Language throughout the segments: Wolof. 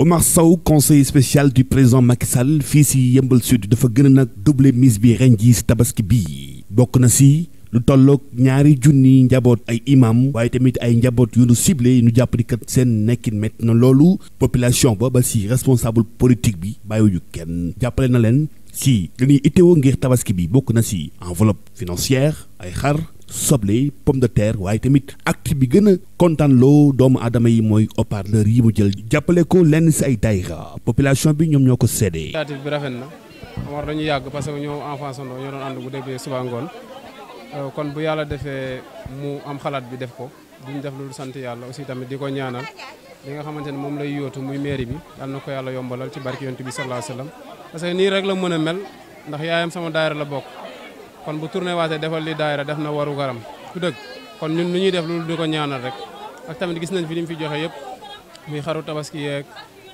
Omar Sow conseil spécial du président Macky Sall fii si Yeumbeul Sud dafa gën a nag doubler mise bi ren jii si tabaski bii bokk na si lu tolloog ñaari junni njaboot ay imam waaye tamit ay njaboot yu nu ciblé yi nu jàpp ni seen nekkin métti na loolu population ba ba si responsable politique bi bàyyiwuñu kenn jàppale na leen si dañuy itteewoo ngir tabaski bi bokk na si enveloppe financière ay xar soble pomme de terre waaye tamit acte bi gën a kontaan loo doomu adama yi mooy haut-parleur yi mu jël jàppale ko lenn si ay daayira population bi ñoom ñoo ko séddee. initiative bi rafet na war dañu yàgg parce que ñoo enfant sondo ñoo doon ànd bu dee suba ngoon euh, kon bu yàlla defee mu am xalaat bi def ko duñ def loolu sant yàlla aussi tamit di ko ñaanal li nga xamante ne moom lay yootu muy mairie bi yal na ko yàlla yombalal ci barki yonent bi sallallahu alayhi wasallam parce que nii rek la ndax yaayam sama daayira la bokk. kon bu tourné waatee defal li daayira def na waru garam du dëgg kon ñun lu ñuy def lu di ko ñaanal rek ak tamit gis nañ fi li mu fi joxee yëpp muy xaru tabaski yeeg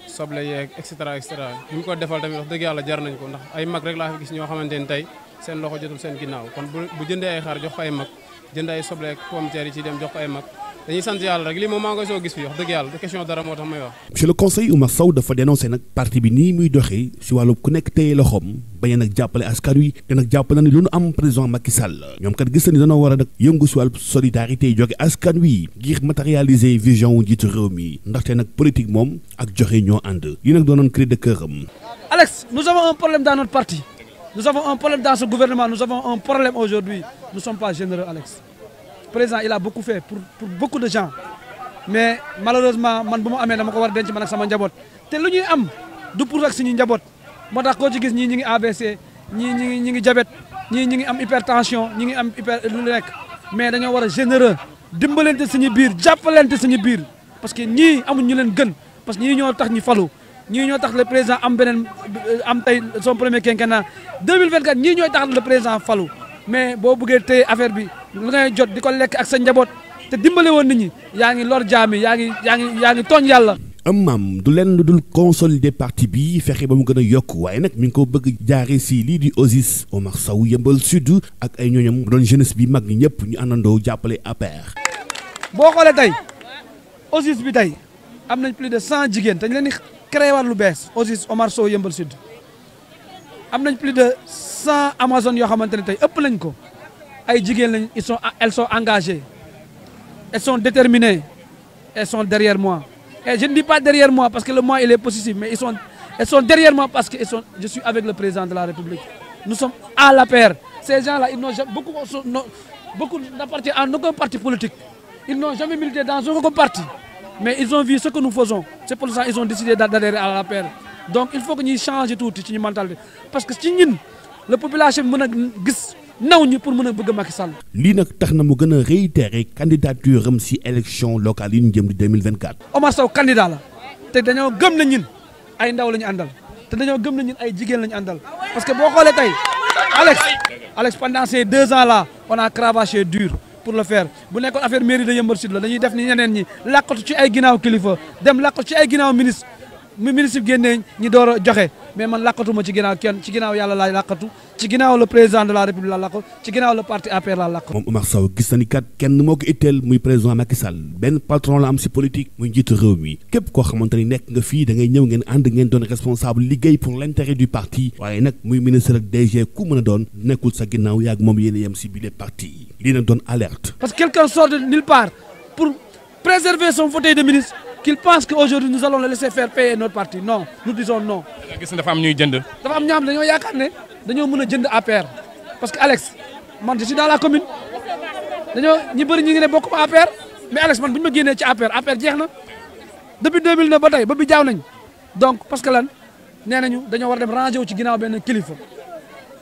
soble yeeg et cetera et cetera ko defal tamit wax dëgg yàlla jar nañ ko ndax ay mag rek laa fi gis ñoo xamante ni tey seen loxo jotul seen ginnaaw kon bu jëndee ay xar jox ay mag jënd ay soble ak pomme de terre ci dem jox ay mag dañuy sant yàlla rek lii moom maa ngi koy soo gis fii conseil Oumar Sow dafa dénoncé nag parti bi nii muy doxee si ku nekk téye loxoom bañ nag jàppale askan wi te nag jàpp na ni lu nu am président Macky Sall ñoom kat gis na ni dañoo war a nag yëngu si solidarité yi askan wi ngir matérialiser vision wu njiitu réew mi ndaxte nag politique moom ak joxe ñoo ànd yi nag doonoon cri de Alex nous avons un problème dans notre parti nous avons un problème dans ce gouvernement nous avons un problème président il a beaucoup fait pour pour beaucoup de gens mais malheureusement man bu ma amee dama ko war a denc man ak sama njaboot te lu ñuy am du pour ak suñu njaboot moo tax koo ci gis ñii ñi ngi AVC ñii ñi ngi ñi ngi diabète ñii ñi ngi am hypertension ñi ngi am hyper lu nekk mais dañoo war a généreux dimbalante suñu biir jàppalante suñu biir parce que ñii amuñ ñu leen gën parce que ñii ñoo tax ñu falu ñii ñoo tax le président am beneen am tey son premier quinquennat 2024 ñii ñooy tax le président falu mais boo bëggee téye affaire bi lu ngay jot di ko lekk ak sa njaboot te dimbale woon nit ñi yaa ngi lor jaam yi yaa ngi yaa ngi yaa ngi tooñ yàlla. am maam du leen lu dul consolider parti bi fexe ba mu gën a yokk waaye nag mi ngi ko bëgg jaare sii lii di Osis Omar Sow yëmbal sud ak ay ñooñam doon jeunesse bi mag ñi ñëpp ñu àndandoo jàppale APR. boo xoolee tey Osis bi tey am nañ plus de cent jigéen te ñu leen di créé lu bees Osis Omar Sow yëmbal sud am nañ plus de cent yoo xamante ne tey ëpp nañ ko. ay jigéen lañ ils sont elles sont engagées elles sont déterminées elles sont derrière moi et je ne dis pas derrière moi parce que le moi il est positif mais ils sont elles sont derrière moi parce que je suis avec le président de la République nous sommes à la paire ces gens-là beaucoup beaucoup n'appartiennent à parti politique ils n'ont jamais milité dans aucun parti mais ils ont vu ce que nous faisons c'est pour ça ils ont décidé à la paire donc il faut que ñuy changer tuuti naw ñi pour mën a bëgg Macky Sall. lii nag tax na mu gën a réitérer candidature am si élection locale yi ñu jëm di 2024. Omar Sow candidat la te dañoo gëm na ñun ay ndaw lañu àndal te dañoo gëm na ñun ay jigéen la àndal parce que boo xoolee tey Alex Alex pendant ces deux ans la on a cravaché pour le faire bu nekkoon affaire mairie de Yeumbeul Sud la dañuy def ni ñeneen ñi làqatu ci ay ginnaaw kilifa dem làqatu ci ay ginnaaw ministre ministre bi génnee ñi door a joxe mais man làqatuma ci ginnaaw kenn ci ginnaaw yàlla laay làqatu ci ginnaaw le président de la république laa làqatu ci ginnaaw le parti APR laa làqatu. moom Oumar Sow gis na ni kat kenn moo ko itteel muy président Macky benn patron la am si politique muy njiitu réew mi képp koo xamante nekk nga fii da ñëw ngeen ànd ngeen doon responsable liggéey pour l'intérêt du parti waaye nag muy ministre ak ku mën a doon nekkul sa ginnaaw yaag moom na doon alerte. parce que da nga gis dafa am ñuy jënd. dafa am ñoo xam ne dañoo yaakaar dañoo mën a jënd APR parce que Alex man je suis dans la commune dañoo ñi bëri ñu ngi ne bokkuma APR mais Alex man bu ñu ma génnee ci APR APR jeex na depuis 2009 ba tey ba bi jaaw nañ donc parce que lan nee nañu dañoo war a dem ci ginnaaw benn kilifa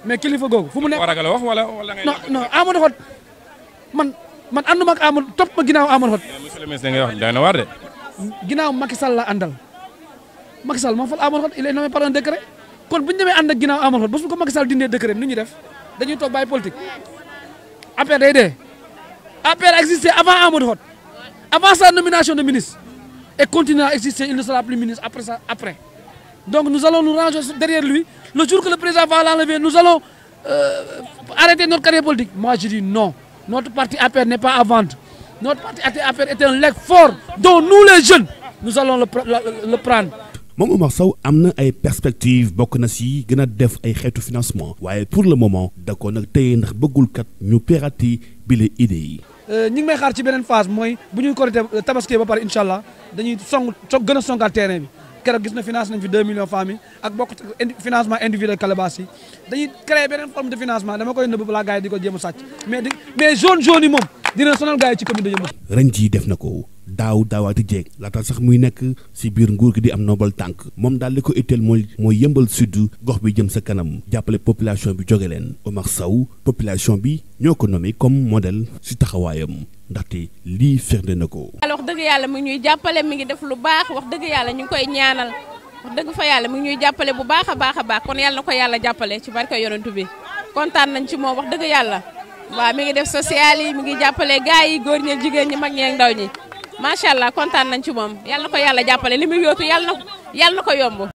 mais kilifa googu fu mu nekk. war a wax wala wala ngay. non non man man ànduma ak topp ma ginnaaw Amadou Hott. monsieur le ministre da ngay wax da na war de. ginnaaw Macky Sall la àndal. Macky Sall moo fal Amadou Hott il est nommé par un décret kon bu ñu dañuy toog bàyyi politique APR day dee APR existé avant Amadou Hott avant sa nomination de ministre et continue à exister il ne sera plus ministre après ça après donc nous allons nous ranger derrière lui le jour que le président va l'enlever nous allons euh, arrêter notre carrière politique moi je dis non notre parti APR n'est pas à notre parti APR est un legs fort dont nous les jeunes nous allons le, le, le, le prendre moom Omar Sow am na ay perspectives bokk na si gën a def ay xeetu financement waaye pour le moment da ko nag téye ndax bëggul kat ñu perati bile idée yi. Euh, ñi ngi xaar ci beneen phase mooy bu ñu korité euh, tabaski ba pare incha dañuy song gën a songaat terrain bi keroog gis na finance nañ fi 2 millions femmes yi ak bokk financement individuel calebas yi dañuy créer beneen forme de financement dama koy nëbb balaa gars yi di ko jéem a sàcc mais mais zone zone yi moom dina sonal gars ci commune de Yeumbeul. def na ko. daaw daawaati jeeg laata sax muy nekk si biir nguur gi di am nombal tànk moom daal li ko itteel mooy mooy yëmbal sud gox bi jëm sa kanam jàppale population bi jóge leen Omar Sow population bi ñoo ko nommé comme modèle si taxawaayam ndaxte lii firnde na ko. alors wax dëgg yàlla mi ngi ñuy jàppale mi ngi def lu baax wax dëgg yàlla ñu ngi koy ñaanal wax dëgg fa yàlla mi ngi ñuy jàppale bu baax a baax a baax kon yàlla na ko yàlla jàppale ci barke yonent bi kontaan nañ ci yàlla waaw mi ngi def social yi mi macha allah kontaan nañ ci moom yàlla na ko yàlla jàppale li muy yóotu yàlla na na ko yomb